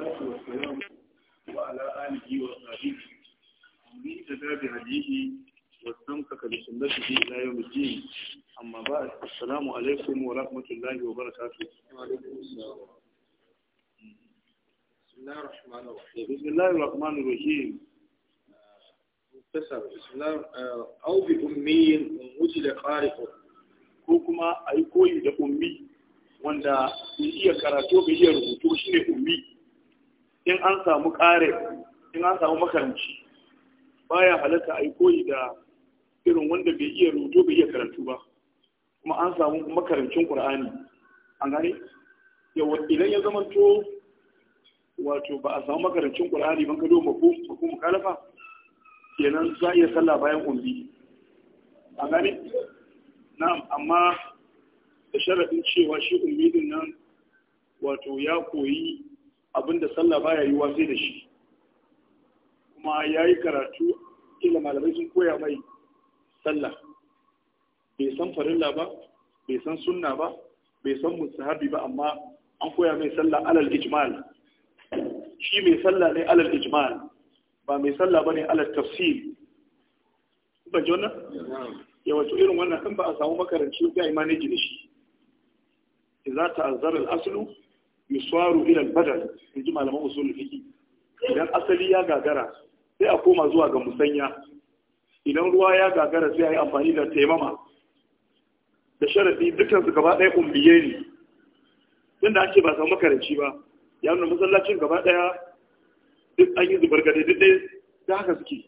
salatu wa salamu wa ala alihi wa sahbihi ni da dabi hadisi wa tsamka kali sunnati bi ila yawm din amma ba assalamu alaikum wa rahmatullahi wa barakatuh بسم الله الرحمن الرحيم بسم الله او بامي موجد قارئ كوكما اي كوي ده امي وندا يي كاراتو بيي رغوتو شيني امي in an samu ƙare in an samu makaranci ya halatta a yi koyi da irin wanda bai iya rubutu bai iya karatu ba kuma an samu makarancin ƙur'ani an gane yawa idan ya zama to wato ba a samu makarancin ƙur'ani ban kado mako mukalafa kenan za a iya sallah bayan umbi an gane na'am amma da sharaɗin cewa shi umbi din nan wato ya koyi abinda sallah baya yi sai da shi kuma ya yi karatu kila malamai sun koya mai sallah bai san farilla ba bai san sunna ba bai san mustahabi ba amma an koya mai sallah alal ijmal shi mai sallah ne alal ijmal ba mai sallah ba ne alal tafsir ban ji wannan ya wato irin wannan kan ba a samu makaranci ga imani da shi idza ta'azzara al-aslu yusaru ila albadal in ji malaman usul fiqi idan asali ya gagara sai a koma zuwa ga musanya idan ruwa ya gagara sai a yi amfani da taimama da sharafi dukkan su gaba ɗaya umbiye ne da ake ba samu makaranci ba ya nuna masallacin gaba ɗaya duk an yi zubar gade duk ɗaya da haka suke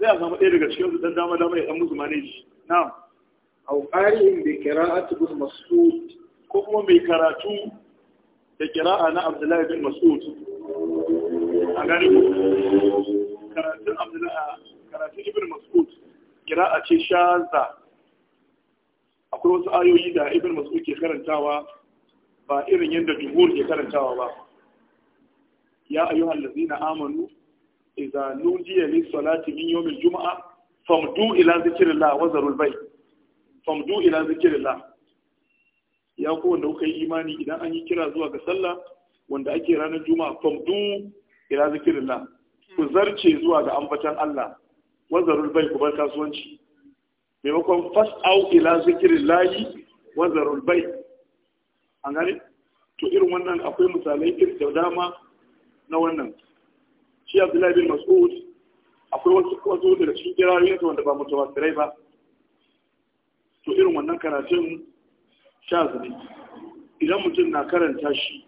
sai a samu ɗaya daga cikin su dan dama dama ya ɗan musu maneji na'am au qari'in bi qira'ati bin masu ko kuma mai karatu da kira'a na abdullahi bin mas'ud a gani karatun abdullahi karatun ibn mas'ud kira'a ce shaza akwai wasu ayoyi da ibn mas'ud ke karantawa ba irin yadda jumhur ke karantawa ba ya ayyuhal ladzina amanu idza nudiya lis salati min yawmil jumu'a famdu ila zikrillah wa zarul bay famdu ila zikrillah ya ku wanda kuka yi imani idan an yi kira zuwa ga sallah wanda ake ranar juma'a famdu ila zikirillah ku zarce zuwa ga ambatan Allah wazarul bai ku bar kasuwanci maimakon out ila zikirillah wazarul bai an gane to irin wannan akwai misalai irin da dama na wannan shi Abdullahi bin Mas'ud akwai wasu wasu da cikin kirayoyinsa wanda ba mutawatirai ba to irin wannan karatun sha ne idan mutum na karanta shi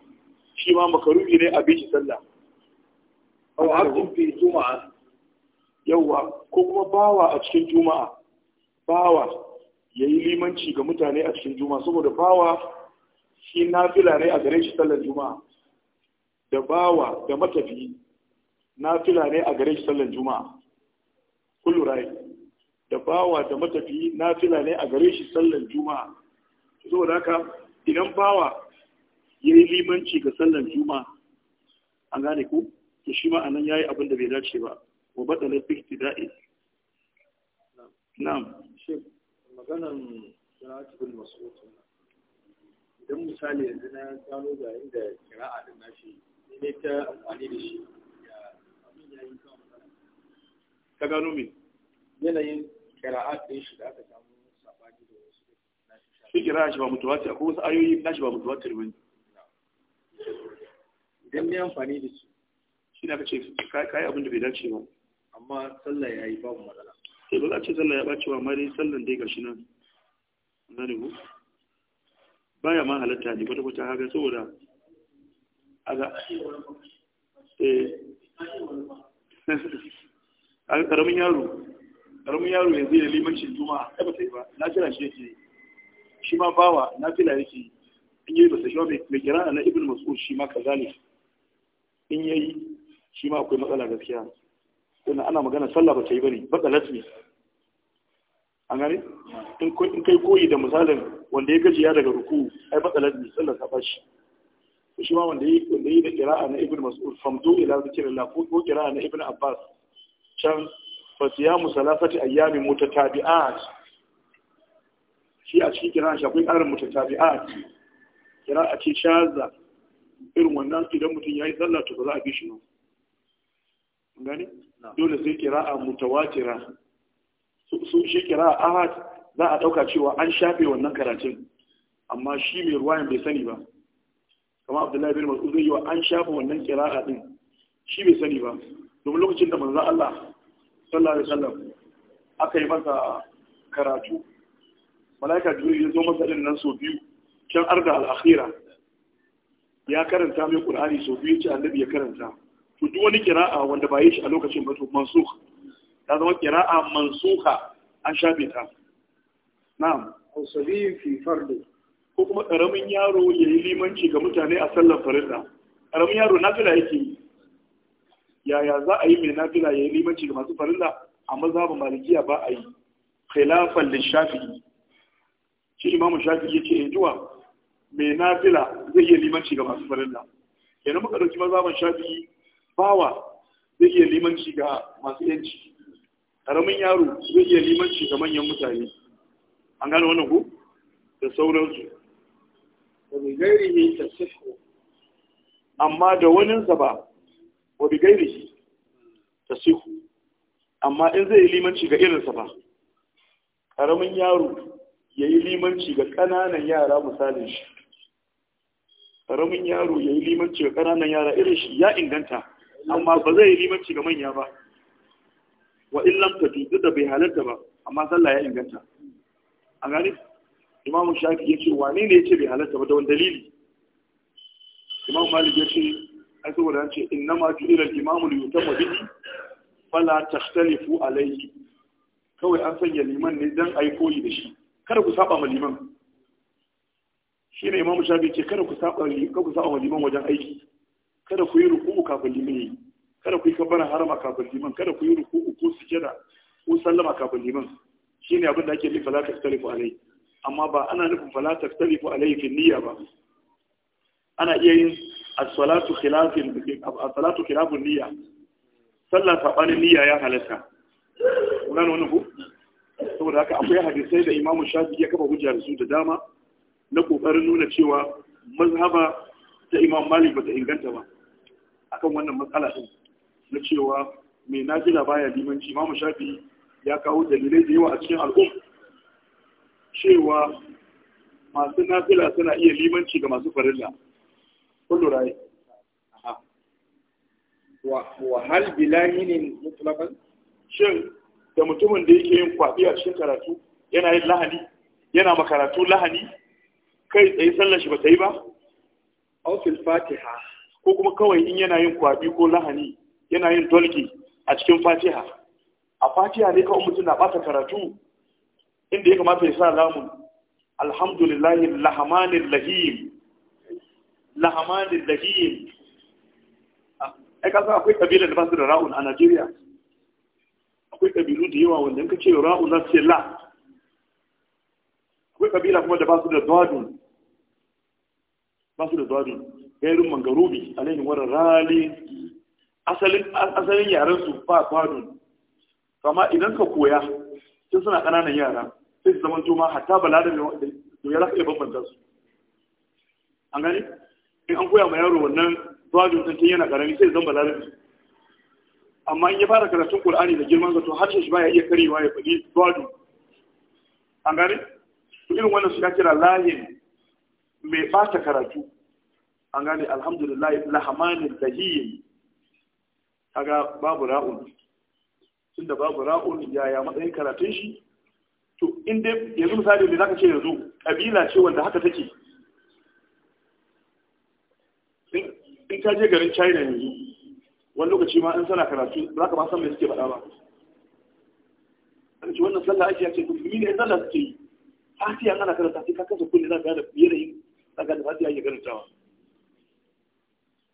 shi ma makaruhi ne a bishi sallah a wajen fi juma'a yawa ko kuma bawa a cikin juma'a bawa ya yi limanci ga mutane a cikin juma'a saboda bawa shi na fila ne a gare shi sallar juma'a da bawa da matafi na fila ne a gare shi sallar juma'a kullu rai da bawa da matafi na fila ne a gare shi sallar juma'a da haka idan bawa ya yi limanci ga sallan juma an gane ku to shi ma anan yayi abin da bai dace ba wa badala fi ibtida'i na'am shi maganan ratibul mas'ud idan misali yanzu na gano ga inda kira'a din nashi ne ta amfani da shi ka gano me yanayin kira'at din shi da aka kira shi ba mutawatir akwai wasu ayoyi na shi ba mutawatir ba wani idan ne amfani da su shi na kace kayi abin da bai dace ba amma sallah ya yi babu matsala sai eh, ba za a ce sallah ya ɓacewa amma dai sallan dai gashi nan na ne ku baya ma halatta ne kwata-kwata haka saboda aga eh karamin yaro karamin yaro yanzu ya limancin juma'a ba ta ba na kira shi yake shi ma bawa nafila yake in yi basa shi ma mai kira na ibn mas'ud shi ma ka ne in yayi shi ma akwai matsala gaskiya wannan ana magana sallah ba ta yi bane batsalat ne an gane in kai koyi da misalin wanda ya gajiya daga ruku ai batsalat ne sallah ta bashi shi ma wanda yi wanda yi da kira'a na ibn mas'ud famdu ila zikrillah ko ko kira'a na ibn abbas can fasiyamu salafati salasati ayyamin mutatabi'at shi a cikin kira shi akwai ƙarin mutatabi'at kira a ce shaza irin wannan idan mutum ya yi tsalla tuba za a bi shi ba gani dole sai kira a mutawatira su shi kira a ahad za a ɗauka cewa an shafe wannan karatun amma shi mai ruwayan bai sani ba kama abdullahi bin masu zai yi wa an shafe wannan a din shi bai sani ba domin lokacin da manzan Allah sallallahu alaihi wasallam aka yi masa karatu malaika jibril ya zo masa din nan so biyu can arda al-akhira ya karanta mai qur'ani so biyu ce annabi ya karanta to duk wani qira'a wanda ba yi shi a lokacin ba to mansukh ta zama qira'a mansukha an shafe ta na'am usabiyin fi fardu ko kuma karamin yaro ya yi limanci ga mutane a sallar farida karamin yaro nafila yake yi yaya za a yi mai nafila ya yi limanci ga masu farida a mazhabin malikiya ba a yi khilafan lishafi'i shi imamu shafi ya ce yanzuwa mai nafila zai iya limanci ga masu da yana muka ɗauki mazaban shafi bawa zai iya limanci ga masu yanci ƙaramin yaro zai iya limanci ga manyan mutane an gane wannan ku da sauransu da gairi ne ta amma da sa ba wa bi gairi ta sihu amma in zai limanci ga irinsa ba ƙaramin yaro ya yi limanci ga ƙananan yara misalin shi ƙaramin yaro ya yi limanci ga ƙananan yara irin shi ya inganta amma ba zai yi limanci ga manya ba wa in ta duk da bai halarta ba amma sallah ya inganta a gani imamu shafi ya ce wane ne ya ce bai halarta ba da wani dalili imamu malik ya ce ai saboda an ce inna ma fi al-imamu li yutamma bihi fala takhtalifu alayhi kawai an sanya liman ne dan ai koyi da shi kada ku saba maliman, liman shi ne imamu shafi ce kada ku saba ma liman wajen aiki kada ku yi ruku'u kafin liman yi kada ku yi kabbana harama kafin liman kada ku yi ruku'u ko sujada ko sallama kafin liman shi ne abin da ake nufi fala taftalifu alai amma ba ana nufin fala taftalifu alai fi niyya ba ana iya yin as-salatu khilafin as-salatu khilafun niyya sallah sabanin niyya ya halatta kuna wannan ku saboda haka akwai hadisai da imamu shafi ya kafa hujja da su da dama na kokarin nuna cewa mazhaba ta imam malik bata inganta ba akan wannan matsala din na cewa mai najila baya limanci imamu shafi ya kawo dalilai da yawa a cikin al'um cewa masu nafila suna iya limanci ga masu farilla kullu rai wa hal bilahinin mutlaqan shin da mutumin da yake yin kwaɗi a cikin karatu yana yin lahani yana makaratu lahani kai tsaye sallar shi ba ta yi ba ofil fatiha ko kuma kawai in yana yin kwaɗi ko lahani yana yin dolki a cikin fatiha a fatiha ne kawai mutum na ɓata karatu inda ya kamata ya sa lamun alhamdulillahi lahamanin lahiyin. lahamanin lahiyin. Ah, ai kasa akwai kabilar da ba su da ra'un a najeriya akwai kabilu da yawa wanda ka ce ra'u na ce la akwai kabila kuma da ba su da duwadun ba su da duwadun gairin a alayhin wara rali asalin yaren su ba duwadun kama idan ka koya sun suna ƙananan yara sai su zaman toma hatta bala da ya raka ya bambanta su an gani in an koya ma yaro wannan duwadun sun yana ƙarami sai zan bala da su amma in ya fara karatun Qur'ani da girman zato har shi ba ya iya karewa ya faɗi gado an gane to irin wannan su ya kira lahin mai fata karatu an gane alhamdulillah lahamanin tahiyyin kaga babu ra'un tunda babu ra'un yi matsayin karatun shi to in dai yanzu misali ne zaka ce yanzu kabila ce wanda haka take in ka je garin China ne wani lokaci ma in sana karatu ba ka ba san me suke faɗa ba an ce wannan sallah ake ce musulmi ne sallah suke yi fatiha ana karanta sai ka kasa kulle za ka da yanayin za ka da fatiha ya karantawa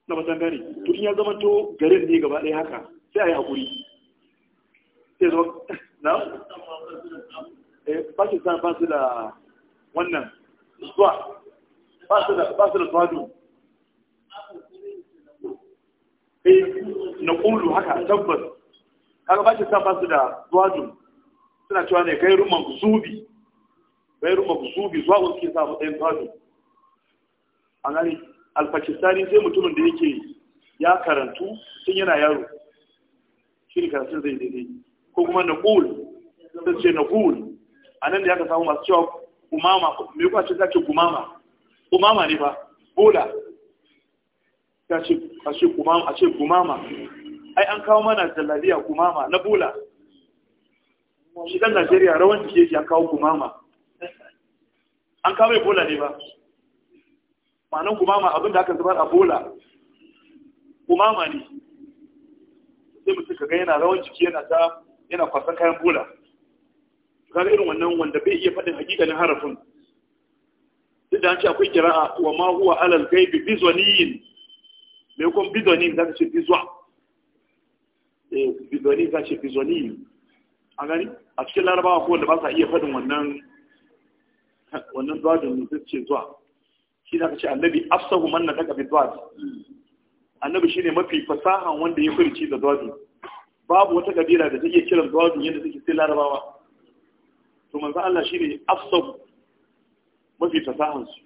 na matan gari to in ya zama to garin ne gaba ɗaya haka sai a yi haƙuri sai zo na Pakistan eh, ba su da wannan zuwa ba su da tsadu eh na kulu haka tabbas Haka ba shi safa su da zuwajun suna cewa ne zubi. mazubi mabu zubi zuwa ke sa matsayin zuwajun a gani alpakistani sai mutumin da yake ya karantu tun yana yaro shi ne karatun zai daidai ko kuma na kulu sun ce na kulu a nan da ya ka samu masu cewa umama mai kwace za ce gumama? Gumama ne ba bola ta ce a ce kumama a ce gumama ai an kawo mana jalladiya gumama na bula. shi dan Najeriya rawan jike ya kawo gumama an kawo bula ne ba ma'anan gumama abin da aka zubar a bula. gumama ne sai mutum ga yana rawan jiki yana ta yana kwasan kayan bola ga irin wannan wanda bai iya faɗin hakikalin harafin duk da an ce akwai kira'a wa ma huwa alal gaibi bizwaniyin mai comme bidonim za c'est ce et eh, bidonim za ce bizonim a gani a cikin larabawa ko wanda ba sa iya faɗin wannan wannan zuwadin da ce zuwa shi na ka ce annabi afsahu man na daga bizuwad annabi shine mafi fasahan wanda ya furci da zuwadin babu wata kabila da take kiran zuwadin yadda take sai larabawa to manzo Allah shine afsahu mafi fasahan su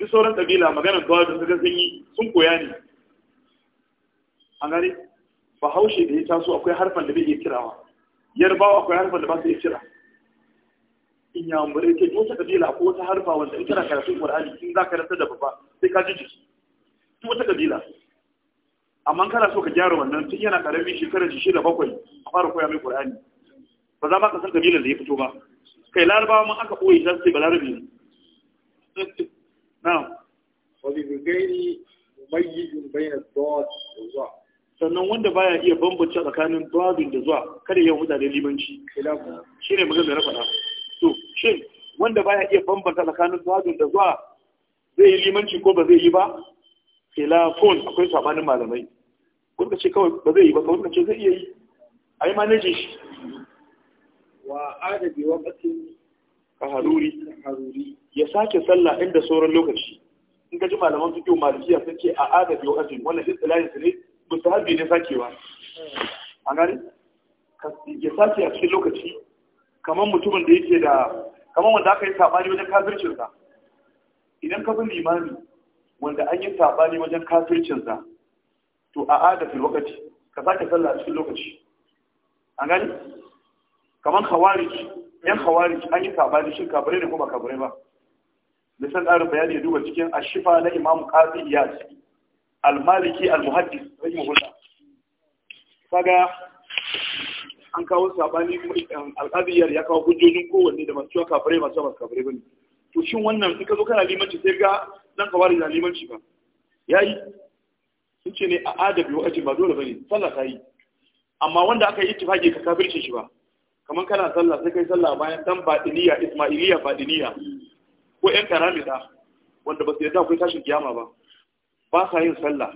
duk sauran kabila maganar zuwadin da sun yi sun koya ne an gane bahaushe da ya taso akwai harfan da bai iya kirawa yarbawa akwai harfan da ba su iya kira in ya mure ke wata kabila ko wata harfa wanda in kana qur'ani in za ka rasa da babba sai ka ji jiki wata kabila amma kana so ka gyara wannan tun yana karami shekarar shi da bakwai a fara koya mai qur'ani ba za ma ka san kabilar da ya fito ba kai larabawa ma aka koyi ta sai balarabi ne na'am wa bi yi mumayyiz bayna ad da wa sannan wanda baya iya bambance tsakanin babin da zuwa kada yawan mutane limanci shi ne magana da na faɗa to shin wanda baya iya bambanta tsakanin babin da zuwa zai yi limanci ko ba zai yi ba telefon akwai sabanin malamai kuka ce kawai ba zai yi ba kawai ce zai iya yi a yi shi wa adabi wa batin a haruri ya sake sallah inda sauran lokaci in ka ji malaman fiƙi malikiya sun ce a adabi wa batin wannan istilahin ne mustahabi ne sakewa a gani ya sake a cikin lokaci kamar mutumin da yake da kamar wanda aka yi sabani wajen kafircinsa idan ka bin limani wanda an yi sabani wajen kafircinsa to a adafin lokaci ka sake sallah a cikin lokaci a gani kamar khawarij yan khawarij an yi sabani shi kabare ne kuma ba kabare ba lisan ƙarin bayani ya duba cikin ashifa na imamu kafin yasi. al-maliki al-muhaddis rahimahullah kaga an kawo sabani al'adiyar ya kawo hujjojin kowanne da masu cewa kafirai masu masu kafirai bane to shin wannan in ka zo kana limanci sai ga dan kawar da limanci ba yayi sun ce ne a adabi wa ba dole bane sallah ta yi amma wanda aka yi ittifaqi ka kafirce shi ba kamar kana sallah sai kai sallah bayan dan badiniya ismailiya badiniya ko yan karamida wanda ba su yarda akwai tashin kiyama ba ba sa yin sallah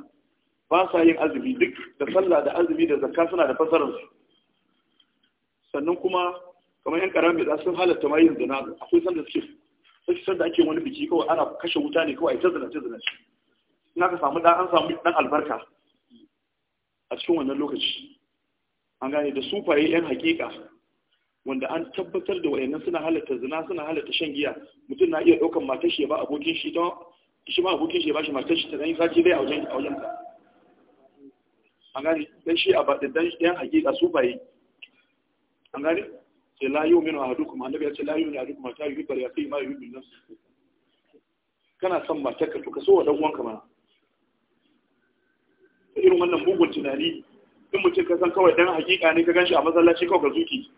ba sa yin azumi duk da sallah da azumi da zakka suna da su sannan kuma kamar yan karamin da sun halatta ma yin zina akwai sanda suke sai sanda ake wani biki kawai ana kashe wuta ne kawai ta zina ta zina in aka samu dan an samu dan albarka a cikin wannan lokaci an gane da sufaye yan hakika wanda an tabbatar da wayannan suna halatta zina suna halatta shan giya mutum na iya daukan matar shi ya ba abokin shi don shi ma abokin shi ya bashi matar ta zai zaki zai a wajen a wajen ta an gani dan shi a baɗin dan yan hakika su baye an gani? sai la yau min ahadukum annabi ya ce la yau a ahadukum kuma ta yi bar ya kai ma yi bin nafsi kana son matar to ka so wa dan uwanka mana irin wannan mugun tunani in mutum ka san kawai dan hakika ne ka ganshi a masallaci kawai ka zuki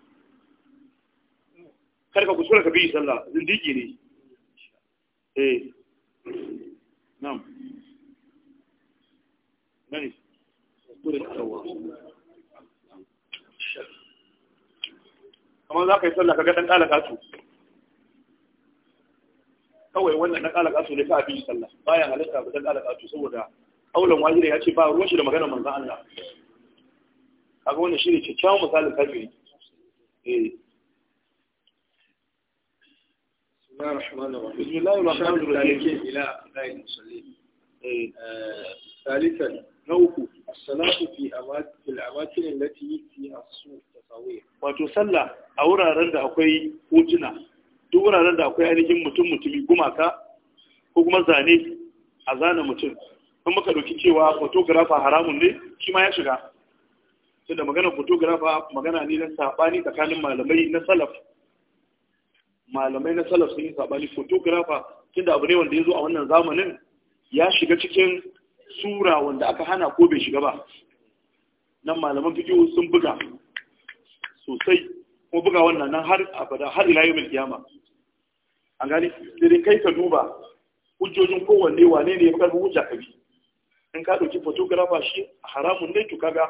kar ka kuskura ka bi sallah zindigi ne eh نعم kamar za ka yi sallah ka ga ɗan ƙala kasu kawai wannan ɗan ƙala kasu ne ka abin sallah bayan halitta ba ɗan ƙala kasu saboda aulan wajira ya ce ba ruwan shi da magana manzan Allah kaga wannan shi ne kyakkyawan misalin kafiri eh Eh, Wato sallah a wuraren da akwai الرحيم duk wuraren da akwai ainihin mutum mutumi gumaka ko kuma zane a zane mutum in muka ɗauki cewa fotografa haramun ne shi ma ya shiga tunda magana fotografa magana ne na saɓani tsakanin malamai na salaf malamai na salaf sun yi sabani photographer tunda abu ne wanda ya zo a wannan zamanin ya shiga cikin sura wanda aka hana ko bai shiga ba nan malaman fiki sun buga sosai ko buga wannan nan har abada har ila yau kiyama an gani sai kai ka duba hujjojin kowanne wane ne ya karbi hujja ka bi in ka dauki photographer shi haramun ne to kaga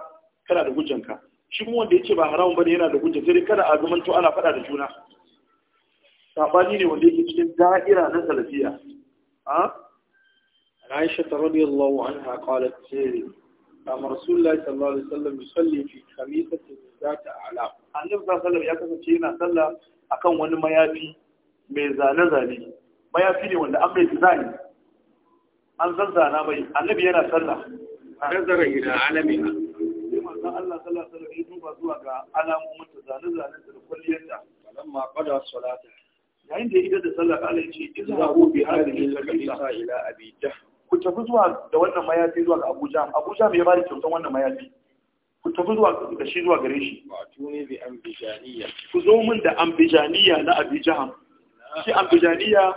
kana da hujjanka shi kuma wanda yake ba haramun bane yana da hujja sai kada a zaman to ana faɗa da juna sabani ne wanda yake cikin da'ira na salafiya a Aisha radiyallahu anha qalat kama eh, Rasulullahi sallallahu alaihi wasallam yusalli fi khamisati zata ala Annabi sallallahu alaihi ya kasance yana sallah akan wani mayafi mai zane zane mayafi ne wanda an bai zane an zanzana bai. Annabi yana sallah nazara ila alamiha sai manzo Allah sallallahu alaihi wasallam ya duba zuwa ga alamomin zane zane da kulliyarta falamma qada salata yayin da ya idar da sallah Allah ce idza hu bi hadhihi al-qisa ku tafi zuwa da wannan mayafi zuwa ga Abuja Abuja mai bada kyautan wannan mayafi ku tafi zuwa da shi zuwa gare shi ku zo min da ambijaniya na Abijan. shi ambijaniya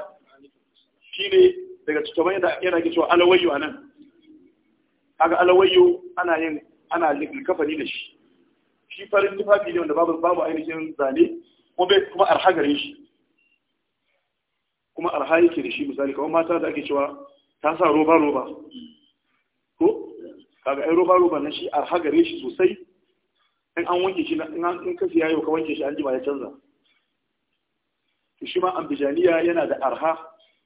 shi ne daga cikin yadda yana ke cewa alawayyo anan kaga alawayyo ana yin ana likafani da shi shi farin tufafi ne wanda babu babu ainihin zane kuma bai kuma arha gare shi kuma arha yake da shi misali kamar mata da ake cewa ta sa roba roba ko kaga ai roba roba na shi arha gare shi sosai in an wanke shi in ka siya ka wanke shi an jima ya canza to shi ma ambijaniya yana da arha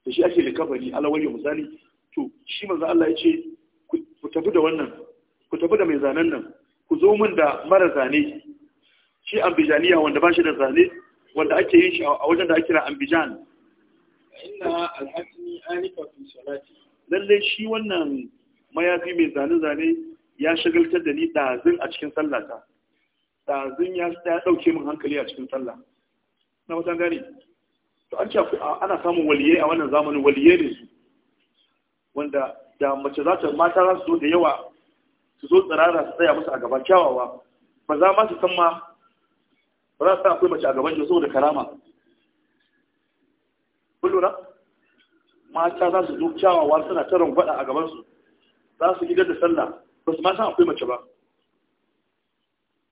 da shi ake likabari alawali misali to shi manzo Allah ya ce ku tafi da wannan ku tafi da mai zanen nan ku zo min da mara zane shi ambijaniya wanda ba shi da zane wanda ake yin shi a wajen da ake kira ambijan inna alhatmi anifa fi salati lalle shi wannan mayafi mai zane zane ya shagaltar da ni dazin a cikin sallata dazin ya ɗauke min hankali a cikin sallah na wata gane to an ce ana samun waliyai a wannan zamanin waliyai ne su wanda da mace za ta mata za su zo da yawa su zo tsirara su tsaya musu a gaban kyawawa ba za ma su san ma ba za su sa akwai mace a gaban su saboda karama kullura mata za su zo kyawawa suna ta rangwada a gabansu za su gidan da sallah ba su ma san akwai mace ba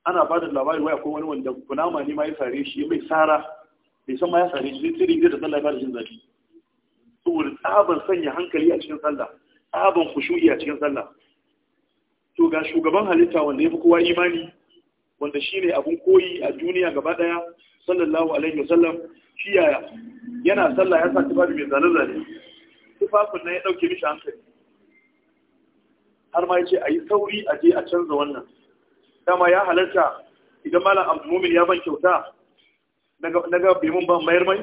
ana ba da labari waya ko wani wanda kunama ne ma ya sare shi mai tsara bai san ma ya sare shi sai tsiri gidan da sallah ba da jin zafi saboda tsaban sanya hankali a cikin sallah tsaban kushu'i a cikin sallah to ga shugaban halitta wanda ya fi kowa imani wanda shine abun koyi a duniya gaba daya sallallahu alaihi wasallam shi yaya yana sallah ya sa babu mai zane zane tufafin nan ya dauke mishi hankali har ma yace ayi sauri a je a canza wannan dama ya halarta idan malam Abdul Mumin ya ban kyauta na ga bai mun ba mayar mai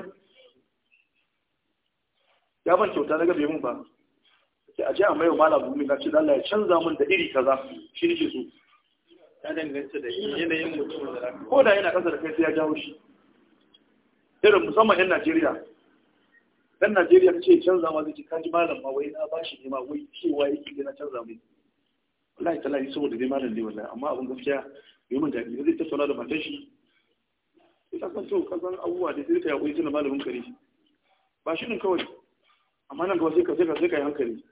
ya ban kyauta naga bai mun ba sai a je a mayo malam Abdul Mumin na ce Allah ya canza mun da iri kaza shi nake so ya danganta da yanayin mutum da ko da yana kasa da kai sai ya jawo shi irin musamman 'yan Najeriya dan Najeriya ta ce canza ma zai kaji malam ma wai na ba shi ne ma wai cewa yake gina canza mai wallahi ta yi saboda dai malam ne wallahi amma abin gaskiya yi mun daɗi zai ta sauna da matan shi sai ta san to ka san abubuwa da zai ta yaƙo tana malamin kare ba shi ne kawai amma nan gaba sai ka sai ka sai ka yi hankali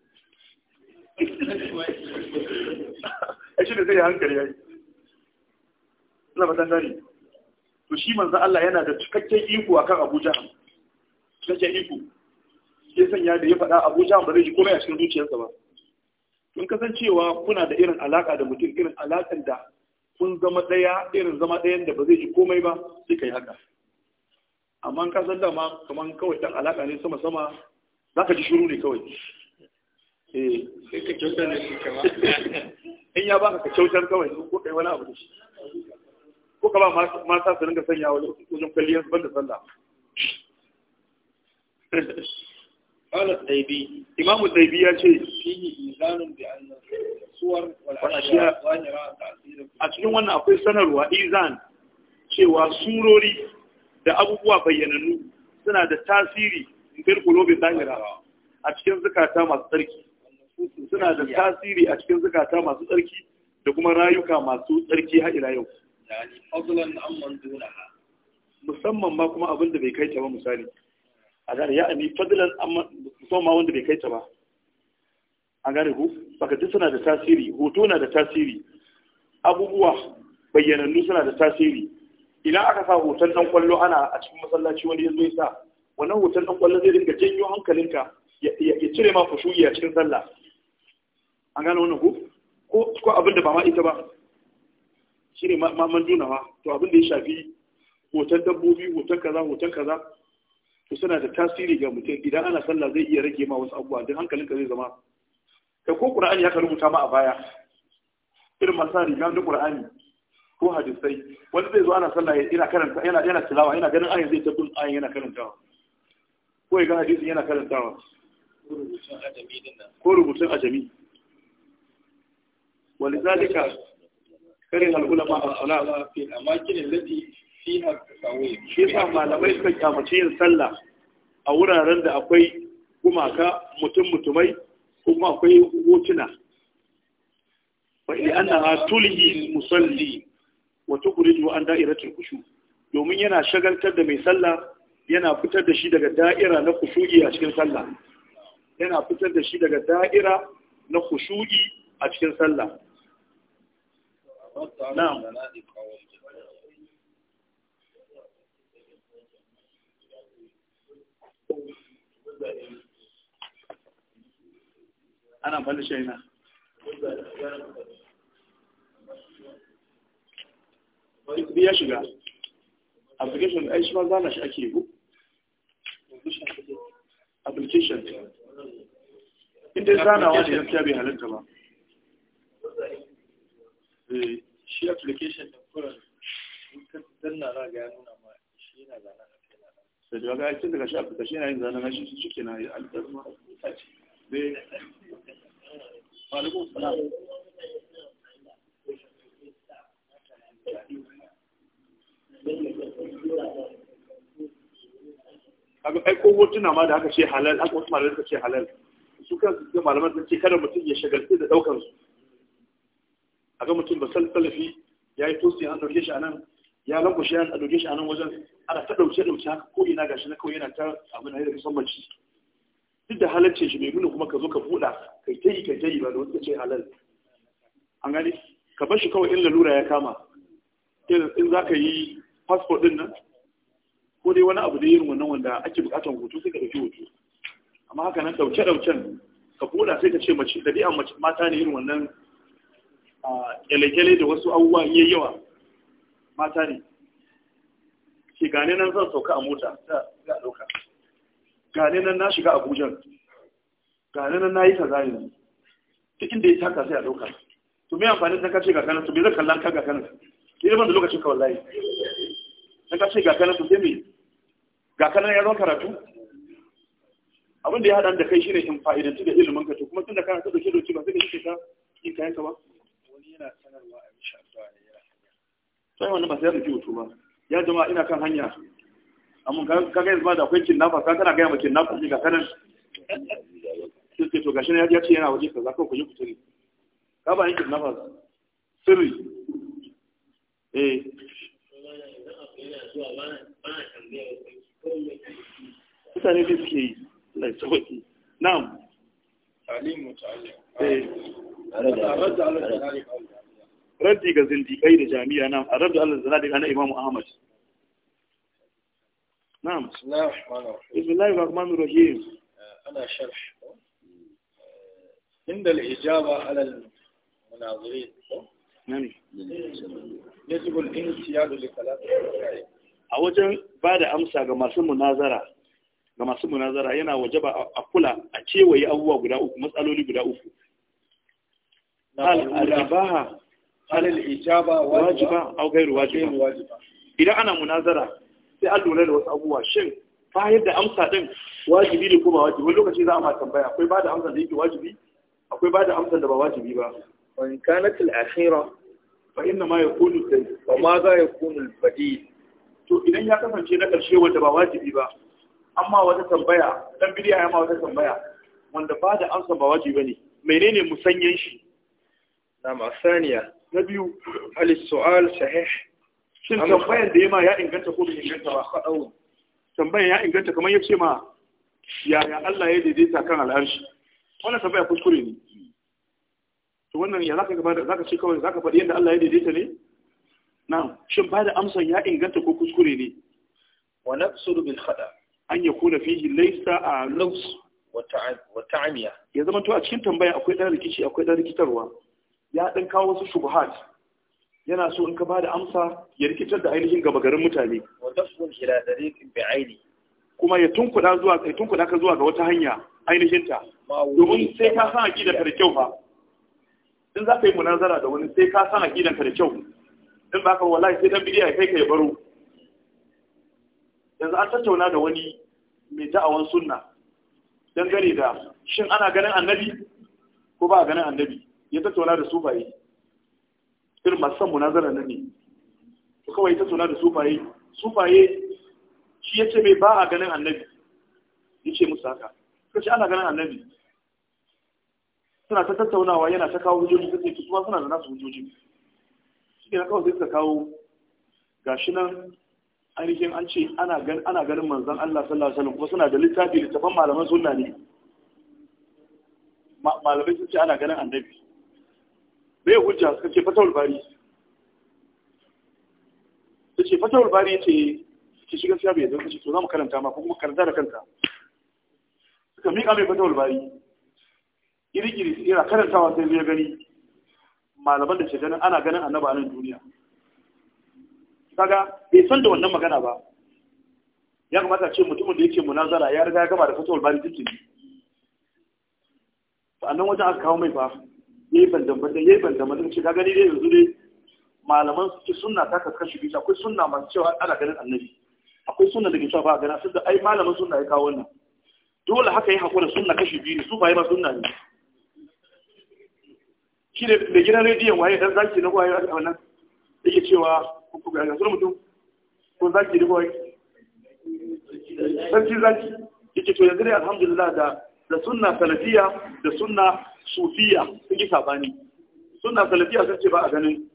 ai shi ne zai yi hankali ya ina ba ta gari. to shi manzo Allah yana da cikakken iko akan Abu Jahal cikakken iko sai sanya da ya faɗa Abu ba zai ji komai a cikin zuciyarsa ba kun kasancewa kuna da irin alaka da mutum irin alakan da kun zama ɗaya irin zama ɗayan da ba zai ji komai ba sai kai haka amma ka san dama kaman kawai dan alaka ne sama sama zaka ji shiru ne kawai eh sai ka kyautar ne shi in ya baka ka kyautar kawai ko kai wani abu da shi Kuka ba mata su ringa sanya wajen kwalliyar su banda sallah qala daibi imamu tsaibi ya ce suwar a cikin wannan akwai sanarwa izan cewa surori da abubuwa bayyananu suna da tasiri fil qulubi zahira a cikin zukata masu tsarki suna da tasiri a cikin zukata masu tsarki da kuma rayuka masu tsarki har ila yau yani fadlan an mandunaha musamman ma kuma abin da bai kai ta ba misali a gare ya ani fadlan an musamman ma wanda bai kai ta ba a gane ku duk suna da tasiri hoto na da tasiri abubuwa bayyanannu suna da tasiri idan aka sa hoton dan kwallo ana a cikin masallaci wani yanzu ya sa wannan hoton dan kwallo zai dinga janyo hankalinka ya cire ma kushuyi a cikin sallah an gane wannan ku ko abin da ba ma ita ba shi ne maman dunawa to abin da ya shafi hoton dabbobi hoton kaza hoton kaza to suna da tasiri ga mutum idan ana sallah zai iya rage ma wasu abubuwa don hankalin ka zai zama kai ko qur'ani ya ka rubuta ma a baya irin masu riga da qur'ani ko hadisai wani zai zo ana sallah yana karanta yana yana tilawa yana ganin ayin zai tabbun ayin yana karantawa ko ya ga hadisin yana karantawa ko rubutun ajami walizalika karin al'ulama a sala fi amakin lati fi hakawai shi yasa malamai suka kyamace yin sallah a wuraren da akwai gumaka mutum mutumai kuma akwai hotuna Ba ila annaha tulhi musalli wa tukhriju an da'iratul khushu domin yana shagaltar da mai sallah yana fitar da shi daga da'ira na kushugi a cikin sallah yana fitar da shi daga da'ira na kushugi a cikin sallah نعم أنا فل شيء نعم. بيا شجع application إيش ما زانش أكيد application إنت زانا واجد كيا بهالجواب application din kuran ka danna ga ya nuna ma shi yana zana na kai da ga shi daga shi yana yin zana na shi shi ke na yi alƙarma a ce dai malikun sana'a kaga ai ko hotuna ma da aka ce halal aka wasu malamai suka ce halal su kan su malaman sun ce kada mutum ya shagalce da daukar su a ga mutum ba salafi ya yi tosi an dauke shi a nan ya shi ya dauke shi a nan wajen ana ta ɗauke ɗauke haka ko ina gashi na kawai yana ta abu na yadda musamman shi. duk da halarce shi bai nuna kuma ka zo ka buɗa kai ta yi ka ta yi ba da wasu ce halal an gani ka bar shi kawai in lalura ya kama in za ka yi fasfo ɗin nan ko dai wani abu da yin wannan wanda ake buƙatar hoto sai ka ɗauki hoto amma haka nan ɗauke ɗauken ka buɗa sai ka ce mace ɗabi'a mata ne yin wannan kyale-kyale da wasu abubuwa iya yawa mata ne ke gane nan zan sauka a mota ga ɗauka gane nan na shiga abuja gane nan na yi ta zai duk inda ya taka sai a ɗauka to mai amfani na kace ga kanan to bai zai kallon ka ga kanan ke ban da lokacin kawai layi na kace ga kanan to sai mai ga kanan yaron karatu abin da ya haɗa da kai shine in fa'idanci da ilimin ka to kuma tun da kana ta dauke dauke ba sai ka shi ka yin kayan ka ba ina sanarwa a ya sai wannan ba sai ya tafi hoto ba ya jama'a ina kan hanya amma ka ga yanzu da akwai kidnapper kana kidnapper ne ga kanan to gashi ya ce yana waje ka ba ni kidnapper sirri eh mutane suke yi raddi ga zindiƙai da jami'a nan, a raddi Allah zanadiqa na Imamu Ahmad na'am bismillahir rahmanir rahim eh, ana sharh eh, inda al-ijaba ala al-munazirin nani yajibu al-insiyadu li a wajen ba da amsa ga masu munazara ga masu munazara yana wajaba a kula a kewaye abubuwa guda uku matsaloli guda uku hal halin ibaha hal al-ijaba wajiba aw ghairu wajiba idan ana munazara sai an lura da wasu abuwa. shin fahimtar yadda amsa ɗin wajibi ne ko ba wajibi wani lokaci za a ma tambaya akwai ba da amsa da yake wajibi akwai ba da amsa da ba wajibi ba Wani in kanat al-akhira fa inna ma yakunu wa ma za yakunu al-badil to idan ya kasance na karshe wanda ba wajibi ba amma wata tambaya dan bidiya ya ma wata tambaya wanda ba da amsa ba wajibi bane menene musanyen shi Nama saniya na biyu al-su'al sahih shin tambayan da yema ya inganta ko bai inganta ya inganta kamar yace ma yaya Allah ya daidaita kan al'arshi wannan tambaya kuskure ne to wannan ya zaka gaba zaka ce kawai zaka faɗi yadda Allah ya daidaita ne shin ba da amsan ya inganta ko kuskure ne wa nafsuru bil khada an yakuna fihi laysa a nafs wa ta'amiya ya zama to a cikin tambaya akwai dan rikici akwai dan rikitarwa ya ɗan kawo wasu shubuhat yana so in ka ba da amsa ya rikitar da ainihin gaba garin mutane kuma ya tunkuda zuwa kai tunkuda ka zuwa ga wata hanya ainihin ta domin sai ka san aqidar ka da kyau fa in za ka yi munazara da wani sai ka san aqidar ka da kyau in ba ka wallahi sai dan bidiya kai ka ya baro yanzu an tattauna da wani mai da'awan sunna dangane da shin ana ganin annabi ko ba a ganin annabi ya tattauna da sufaye irin masu san munazara na ne to kawai ya tattauna da sufaye sufaye shi ya ce mai ba a ganin annabi ya ce musu haka suka ce ana ganin annabi suna ta tattaunawa yana ta kawo hujjoji ta ce kuma suna da nasu hujjoji shi ne kawai sai suka kawo gashi nan ainihin an ce ana ganin manzan Allah sallallahu alaihi wasallam kuma suna da littafi littafan malaman sunna ne malamai sun ce ana ganin annabi bai hujja suka ce fata ulbari ta ce fata ulbari ce ke shiga siya bai zai to za mu karanta ma ko kuma karanta da kanta suka miƙa mai fata ulbari iri-iri yana karantawa sai zai gani malaman da ke ganin ana ganin annaba a nan duniya kaga bai san da wannan magana ba ya kamata ce mutumin da yake munazara ya riga ya gama da fatawul bari tuntuni annan wajen aka kawo mai ba yayi bandan bandan yayi da bandan ce kaga ni dai yanzu dai malaman su sunna ta kaskar shi bisa akwai sunna masu cewa ana ganin annabi akwai sunna da ke cewa ba a gana sun da ai malamin sunna ya kawo wannan dole haka yi hakura sunna kashi biyu ne su ba yi ma sunna ne shi ne da gidan rediyon waye dan zaki na waye a wannan yake cewa ku ga ga mutum ko zaki da waye sarki zaki yake to yanzu dai alhamdulillah da da sunna salafiya da sunna sufiya sun yi sabani sunna salafiya sun ce ba a ganin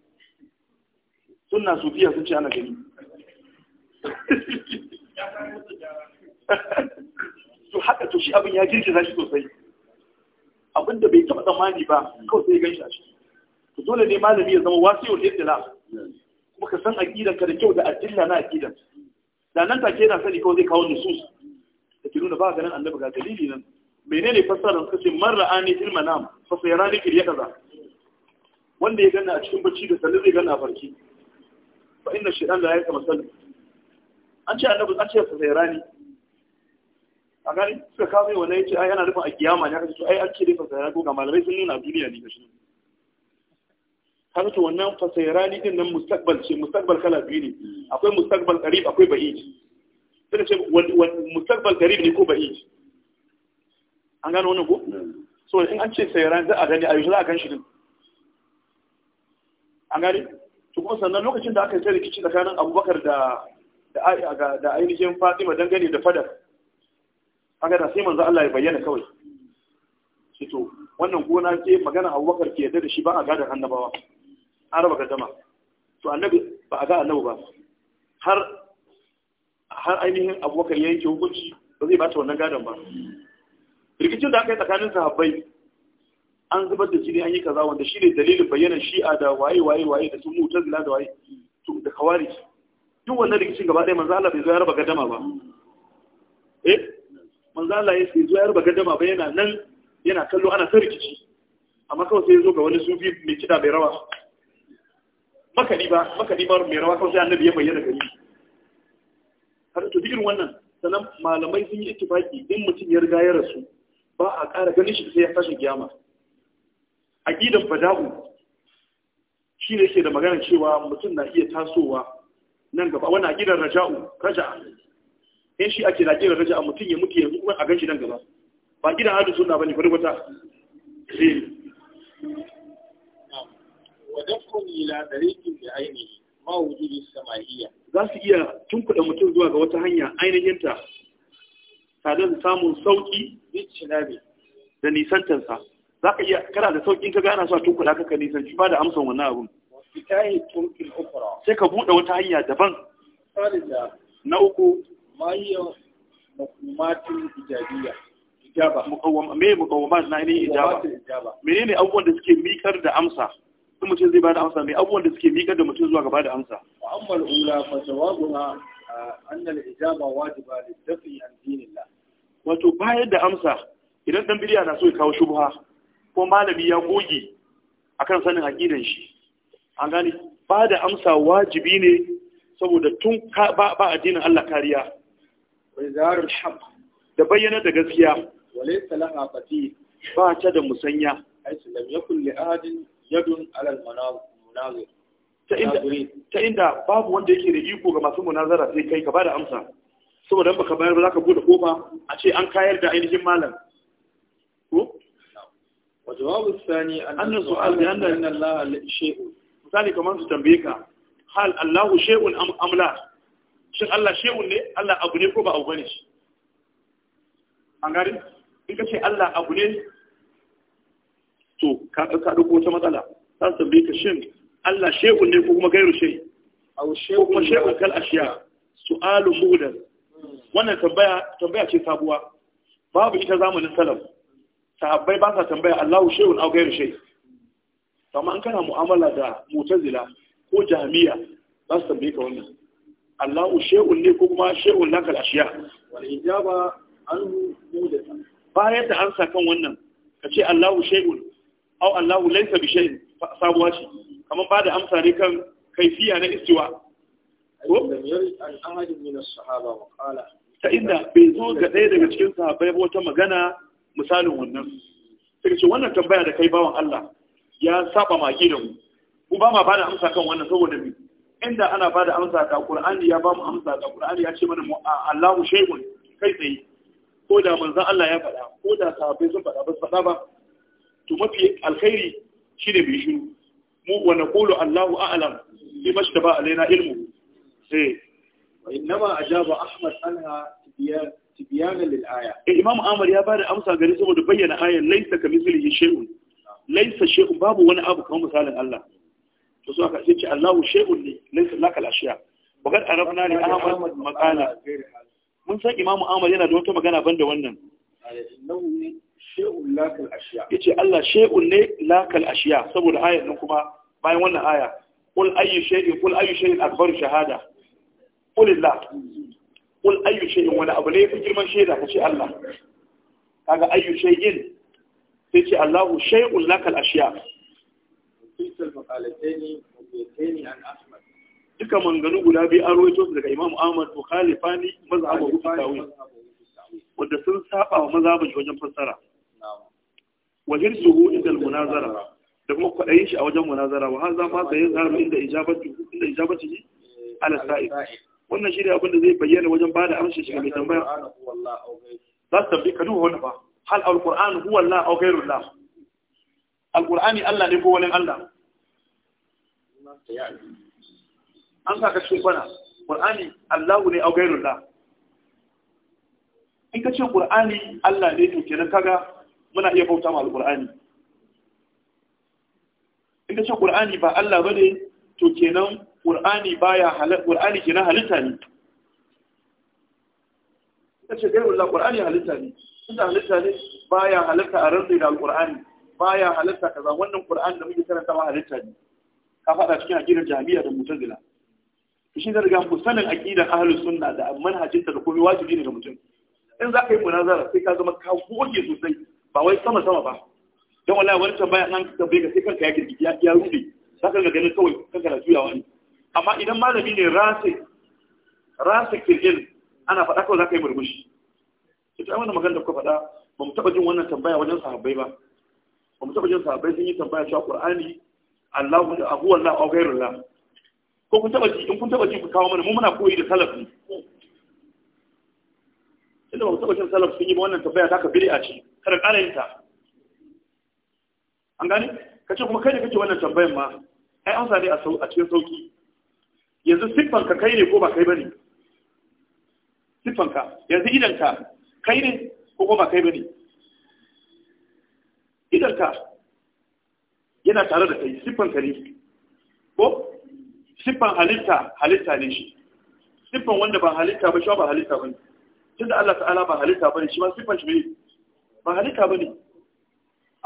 sunna sufiya sun ce ana gani to haka to shi abin ya girgiza shi sosai abin da bai taɓa tsammani ba kawai sai gan shi a to dole ne malami ya zama wasu yau da ka san aqidan ka da kyau da addilla na aqidan da nan take yana sani kawai zai kawo nusus da ke nuna ba ganin annabi ga dalili nan menene fasarar suka ce man ra'ani fil manam fa sayarani kiriya kaza wanda ya gana a cikin bacci da sanin zai gana a farki fa inna shaitan la yaka sallin an ce annabi an ce fa sayarani a gani suka kawo mai wannan yace ai ana nufin a kiyama ne aka ce ai an ce dai fa sayarani ko ga malamai sun nuna duniya ne kashi kaga to wannan fa sayarani din nan mustaqbal ce mustaqbal kala biyu ne akwai mustaqbal qarib akwai ba'id sai ce mustaqbal qarib ne ko ba'id an gano wani ko so in an ce sayaran za a gani a yaushe za a gan shi din an gani to kuma sannan lokacin da aka yi kici tsakanin abubakar da da ainihin fatima dangane da fadar an gada sai manzo Allah ya bayyana kawai shi to wannan gona ce magana abubakar ke yadda da shi ba a gadon annabawa an raba gaddama to annabi ba a ga annabi ba har har ainihin abubakar ya yanke hukunci ba zai ba ta wannan gadon ba rikicin da aka yi tsakanin sahabbai an zubar da shi ne an yi kaza wanda shi ne dalilin bayyana shi'a da waye waye waye da sun mutar zila da waye da kawari duk wannan rikicin gaba ɗaya manzo Allah bai zo ya raba gadama ba eh manzo Allah ya sai zo ya raba gadama ba yana nan yana kallo ana ta rikici amma kawai sai ya zo ga wani sufi mai kida mai rawa makadi ba makadi ba mai rawa kawai sai annabi ya bayyana gari har to duk irin wannan sannan malamai sun yi ittifaki in mutum ya riga ya rasu ba a ƙara ganin shi sai ya tashi kiyama gidan bada'u shi ne ke da magana cewa mutum na iya tasowa nan gaba wannan gidan raja'u raja'a in shi ake da aqidan raja'a mutum ya mutu yanzu kuma a ganci nan gaba ba gidan hadu sunna bane kwata kwata wadafun ila dariqin bi ainihi ma wujudi za su iya tunkuɗa mutum zuwa ga wata hanya ainihinta sadar da samun sauki bincinabi da nisantarsa za ka iya kana da saukin ka gana sa tukula kaka nisan shi ba da amsan wannan abun sai ka buɗe wata hanya daban na uku makumatin ijabiyya ijaba mukawwama me mukawwamat na ne abubuwan da suke mikar da amsa mutum zai da amsa mai abubuwan da suke mikar da mutum zuwa gaba da amsa wa ammal ula fa annal ijaba wajiba lidafi an dinillah wato bayar da amsa idan dan bidiya na so ya kawo shubha ko malami ya goge akan sanin aqidan shi an gane ba da amsa wajibi ne saboda tun ba addinin Allah kariya wa izharul haqq da bayyana da gaskiya wa laysa laha qatil ba ta da musanya aisu lam yakul li ahadin yadun ala al munazir ta inda babu wanda yake da iko ga masu munazara sai kai ka bada amsa saboda baka bayar ba za ka bude kofa a ce an kayar da ainihin malam ko wa jawabu sani annan su'al bi anna inna allaha shay'un misali kamar su tambaye ka hal allahu shay'un am amla shin allah shay'un ne allah abu ne ko ba abu bane shi an gari in ka ce allah abu ne to ka dauko wata matsala sai su tambaye ka shin Allah shehu ne ko kuma gairu shehu ko kuma shehun kal ashiya su'alu mudan wannan tambaya tambaya ce sabuwa babu ita zamanin salaf sahabbai ba sa tambaya Allahu shehu aw gairu shehi amma an kana mu'amala da mutazila ko jami'a ba su tambaye ka wannan Allahu shehu ne ko kuma shehu lakal ashiya wal ijaba anhu mudan bayan da an sa kan wannan ka ce Allahu shehu aw Allahu laysa bi shay'in sabuwa ce kamar ba da amsa ne kan kaifiya na istiwa ta inda bai zo ga ɗaya daga cikin sahabbai ba wata magana misalin wannan sai ce wannan tambaya da kai bawan Allah ya saba maki da mu ku ba ma bada amsa kan wannan saboda mu inda ana bada amsa ga Qur'ani ya ba mu amsa ga Qur'ani ya ce mana mu: Allahu shaykhun kai tsaye ko da manzon Allah ya faɗa ko da sahabbai sun faɗa ba su faɗa ba to mafi alkhairi shine bai shiru mu wa Kulu Allahu a'lam fi mashtaba alaina ilmu eh wa innama ajaba Ahmad anha tibyan tibyana lil aya eh Imam Ahmad ya bada amsa gari saboda bayyana ayan laysa kamithlihi shay'un laysa shay'un babu wani abu kamar misalin Allah to so aka ce Allahu shay'un ne laysa laka al-ashiya bagar arabna li Ahmad maqala mun san Imam Ahmad yana da wata magana banda wannan innahu shay'un lakal al-ashiya yace Allah shay'un ne lakal al-ashiya saboda ayat nan kuma bayan wannan aya qul ayyu shay'in qul ayyu shay'in akbaru shahada qul illah qul ayyu shay'in wani abu ne fi girman shaida ka ce Allah kaga ayyu shay'in sai ce Allahu shay'un lakal ashiya duka manganu guda biyu an rawaito su daga Imam Ahmad Bukhalifani mazhabu Bukhari wanda sun saba wa mazhabin wajen fassara wa hirsuhu inda al-munazara da kuma kwaɗayin shi a wajen munazara wa haza ma sai zaru inda ijabatu inda ijabatu ji ala sa'id wannan shi ne abin da zai bayyana wajen bada amshi shi mai tambaya za su tambaye ka duba ba hal alquran huwa allah aw ghayru allah alqurani allah ne ko wani allah an saka cikin kwana. qur'ani allah ne aw ghayru allah in ka ce qur'ani allah ne to kenan kaga muna iya bauta ma alqurani in ce ƙur'ani ba Allah ba ne to kenan qur'ani baya ƙur'ani qur'ani kenan halitta ne ita ce gairu Allah ƙur'ani halitta ne inda halitta ne baya halitta a rantsi da alqur'ani baya halitta kaza wannan ƙur'ani da muke karantawa halitta ne ka faɗa cikin aƙidar jami'a da mutazila shi da riga sanin aƙidar ahlus sunna da manhajinta da komai wajibi ne ga mutum in za ka yi munazara sai ka zama ka goge sosai ba wai sama sama ba don wallahi wani tambaya nan tambaye ka sai kanka ya girgiji ya ya rubi saka ganin kawai kanka na juyawa ne amma idan malami ne rasi rasi kirgin ana faɗa kawai zaka yi murmushi ita ai wannan magana da kuka faɗa ba mu taɓa jin wannan tambaya wajen sahabbai ba ba mu taɓa jin sahabbai sun yi tambaya cewa qur'ani Allahu da abu wallah aw ghairullah ko kun taɓa ji in kun taɓa ji ku kawo mana mu muna koyi da salaf inda ba mu taɓa jin salaf sun yi ba wannan tambaya ta ka bid'a ce kada ƙara yin ta an gane ka ce kuma kai ne kake wannan tambayan ma ai an ne a cikin sauki yanzu siffan ka kai ne ko ba kai bane siffan ka yanzu idan ka kai ne ko ba kai bane idan ka yana tare da kai siffan ka ne ko siffan halitta halitta ne shi siffan wanda ba halitta ba shi ba halitta bane tunda Allah ta'ala ba halitta bane shi ma siffan shi ba halitta bane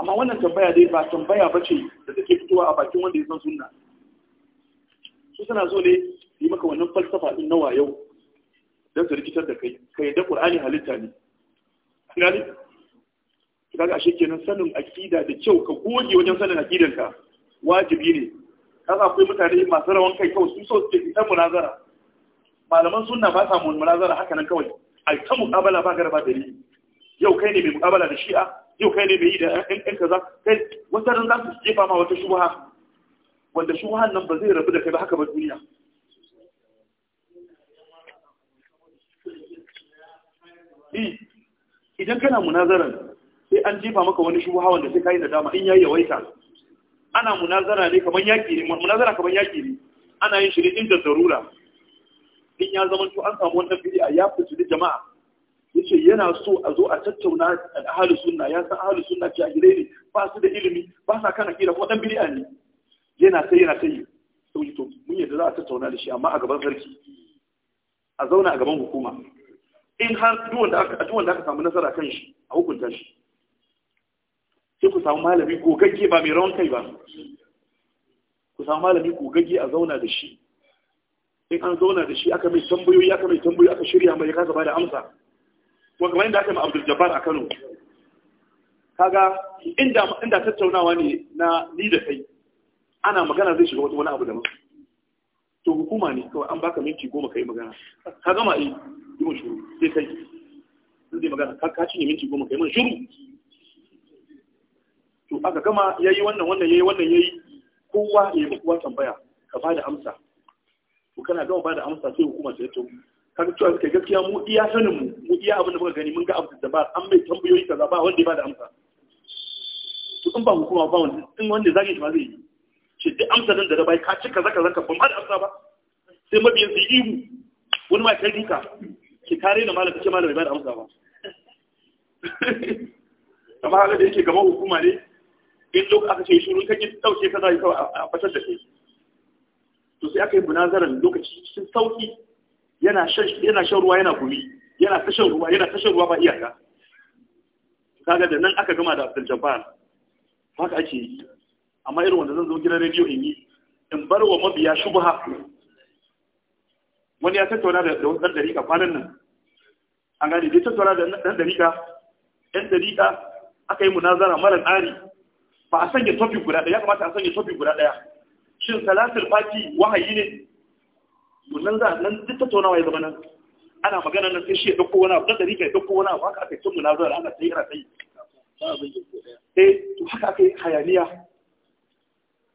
amma wannan tambaya dai ba tambaya ba ce da take fitowa a bakin wanda ya san sunna su suna so ne yi maka wannan falsafa din nawa yau don su rikitar da kai ka yadda ƙur'ani halitta ne gani kaga ashe kenan sanin akida da kyau ka goge wajen sanin aƙidanka wajibi ne kaga akwai mutane masu rawan kai kawai su so su fitar munazara malaman sunna ba sa munazara haka nan kawai ai ta muqabala ba garaba dalili yau kai ne mai muqabala da shi'a yau kai ne bai yi da ɗan kaza kai wata ran za su jefa ma wata shubuha wanda shubuhan nan ba zai rabu da kai ba haka ba duniya idan kana munazaran sai an jefa maka wani shubuha wanda sai kai nadama in yayi yawaita ana munazara ne kaman yaki ne munazara kaman yaki ne ana yin shi ne inda zarura in ya zama to an samu wannan bid'a ya fitu jama'a yace yana so a zo a tattauna ahli sunna ya san ahli sunna jahilai ne ba su da ilimi ba sa kana kira ko dan bid'a ne yana sai yana sai sauyi to mun yadda za a tattauna da shi amma a gaban sarki a zauna a gaban hukuma in har duk aka aka samu nasara kan shi a hukunta shi sai ku samu malami gogagge ba mai rawan kai ba ku samu malami gogagge a zauna da shi in an zauna da shi aka mai tambayoyi aka mai tambayoyi aka shirya mai ya kasa bada amsa ko kamar inda aka ma Abdul Jabbar a Kano kaga inda inda tattaunawa ne na ni da kai ana magana zai shiga wani abu ma to hukuma ne kawai an baka minti goma kai magana ka gama yi yi mun shuru sai kai zai magana ka kaci ne minti goma kai mun shuru to aka gama yayi wannan wannan yayi wannan yayi kowa ya yi kowa tambaya ka bada amsa to kana gama bada amsa sai hukuma ta yi kaga cewa suka gaskiya mu iya sanin mu mu iya abin da muka gani mun ga abu da ba an mai tambayoyi kaza ba wanda ba da amsa to in ba hukuma ba wanda in wanda zage shi ba zai yi shi duk amsa nan da da bai ka cika kaza kaza ba ma da amsa ba sai mabiyan su yi ihu wani ma kai duka ki kare da malaka ce malaka bai ba da amsa ba amma haka da yake gaban hukuma ne in duk aka ce shuru kake dauke kaza yi kawai a fatar da kai to sai aka yi munazaran lokaci cikin sauki yana shan ruwa yana gumi yana ta shan ruwa yana ta shan ruwa ba iyaka kaga da nan aka gama da Abdul Jabbar haka ake yi amma irin wanda zan zo gidan rediyo in yi in bar wa mabiya shubha wani ya tattauna da wasu ɗan dariƙa kwanan nan an gani dai tattauna da dan dariƙa dan dariƙa aka yi munazara mara tsari ba a sanya topic guda ɗaya ya kamata a sanya topic guda ɗaya shin salatul fati wahayi ne to za nan duk tattaunawa ya zama nan ana magana nan sai shi ya dauko wani abu dan dari ya dauko wani abu haka aka yi tun munazara ana sai ana sai eh to haka aka yi hayaniya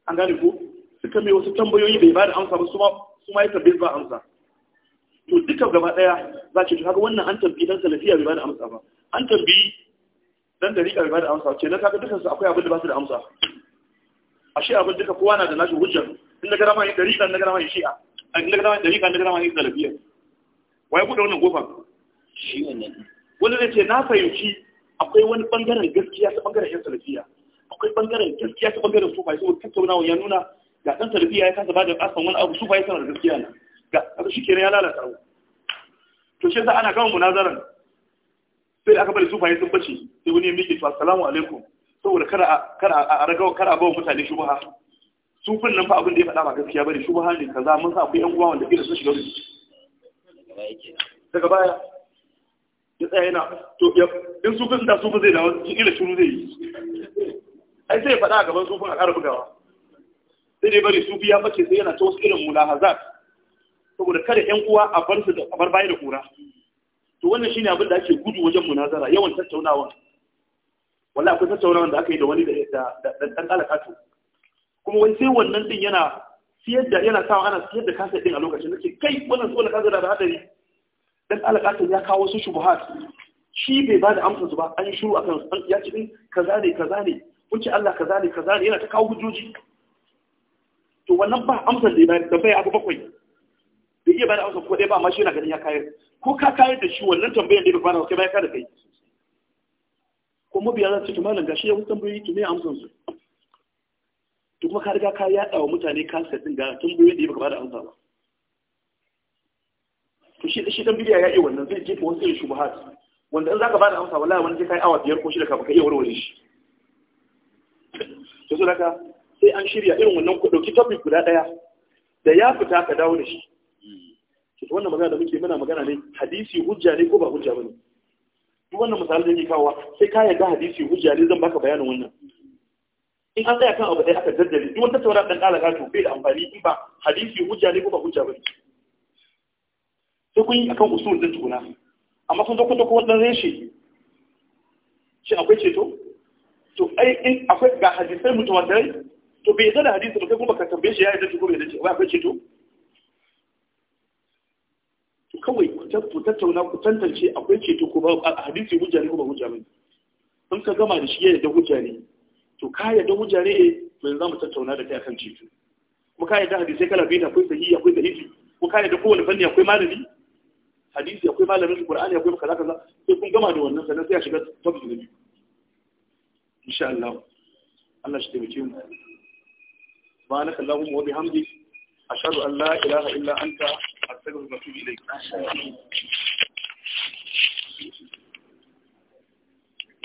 an gane ko suka mai wasu tambayoyi bai bada amsa ba su ma su ma ya tambaye ba amsa to duka gaba daya za ki haka wannan an tambayi dan salafiya bai bada amsa ba an tambayi dan ka bai bada amsa na kaga dukan su akwai abin da ba su da amsa ashe abin duka kowa na da nashi hujjar in na garama yin dariƙa na garama yi shi'a a cikin daga da rika daga zama ne salafiya wai buɗe wannan gofa shi ne wanda zai ce na fahimci akwai wani bangaren gaskiya ta bangaren yan salafiya akwai bangaren gaskiya ta bangaren sufaye saboda tattaunawa ya nuna ga ɗan salafiya ya kasa bada da asan wani abu sufaye sanar gaskiya na ga abu shi kenan ya lalata abu to shi yasa ana kawo munazaran sai aka bari sufaye sun bace sai wani ya miƙe to assalamu alaikum saboda kada a kada a raga kada a ba mutane shubha sufin nan fa abin da ya faɗa ba gaskiya bane shi ba ne kaza mun sa akwai yan uwa wanda da sun shiga rubutu daga baya ya tsaya yana to in sufin da sufin zai dawo ila shiru zai yi ai sai ya faɗa a gaban sufin a ƙara bugawa sai dai bari sufi ya bace sai yana ta wasu irin mulahazat saboda kada yan uwa a bar su a bar baya da kura to wannan shine abin da ake gudu wajen munazara yawan tattaunawa wallahi akwai tattaunawa da aka yi da wani da dan to kuma wai sai wannan din yana siyar da yana sawa ana siyar da kasa din a lokacin nake kai wannan tsola kasa da hadari dan alƙatin ya kawo su shubuhat shi bai ba da amsa su ba an shiru akan ya ce din kaza ne kaza ne kun ce Allah kaza ne kaza ne yana ta kawo hujjoji to wannan ba amsar da ya da bai abu bakwai da iya bada amsar ko dai ba ma shi yana ganin ya kayar ko ka kayar da shi wannan tambayar da ya fara kai bayan ka da kai ko mabiya za su ce malam gashi ya wuce tambayoyi ki me amsar su to kuma ka riga ka yaɗa wa mutane kansa ɗin ga tun buye da ya baka bada amsa ba to shi shi dan bidiya ya yi wannan zai jefa wasu irin shubuhat wanda in zaka bada amsa wallahi wani zai kai awa biyar ko shida kafin ka iya warware shi to sai ka sai an shirya irin wannan ku dauki topic guda daya da ya fita ka dawo da shi to wannan magana da muke muna magana ne hadisi hujja ne ko ba hujja bane duk wannan misali da yake kawo sai ka yarda hadisi hujja ne zan baka bayanin wannan in an tsaya kan abu ɗaya aka daddare in wata taura ɗan ƙala gato bai da amfani in ba hadisi hujja ne ko ba hujja ba ne sai kun yi akan usul din tukuna amma kun zo kun dauko wannan reshe shi akwai ceto to ai in akwai ga hadisai mutawatirai to bai zana da hadisi ba kai kuma ka tambaye shi ya yi da ko bai yadda ba akwai ceto to kawai ku tattauna ku tantance akwai ceto ko ba hadisi hujja ne ko ba hujja ba in ka gama da shi ya yadda hujja ne to ka don hujja ne to za mu tattauna da kai akan ceto mu ka da hadisi kala biyu akwai sahihi akwai da'ifi ko ka da kowane fanni akwai malami hadisi akwai malamin qur'ani akwai kaza kaza sai kun gama da wannan sannan sai a shiga topic na biyu insha Allah Allah shi taimake mu subhanaka allahumma wa bihamdika ashhadu an la ilaha illa anta astaghfiruka wa atubu ilayk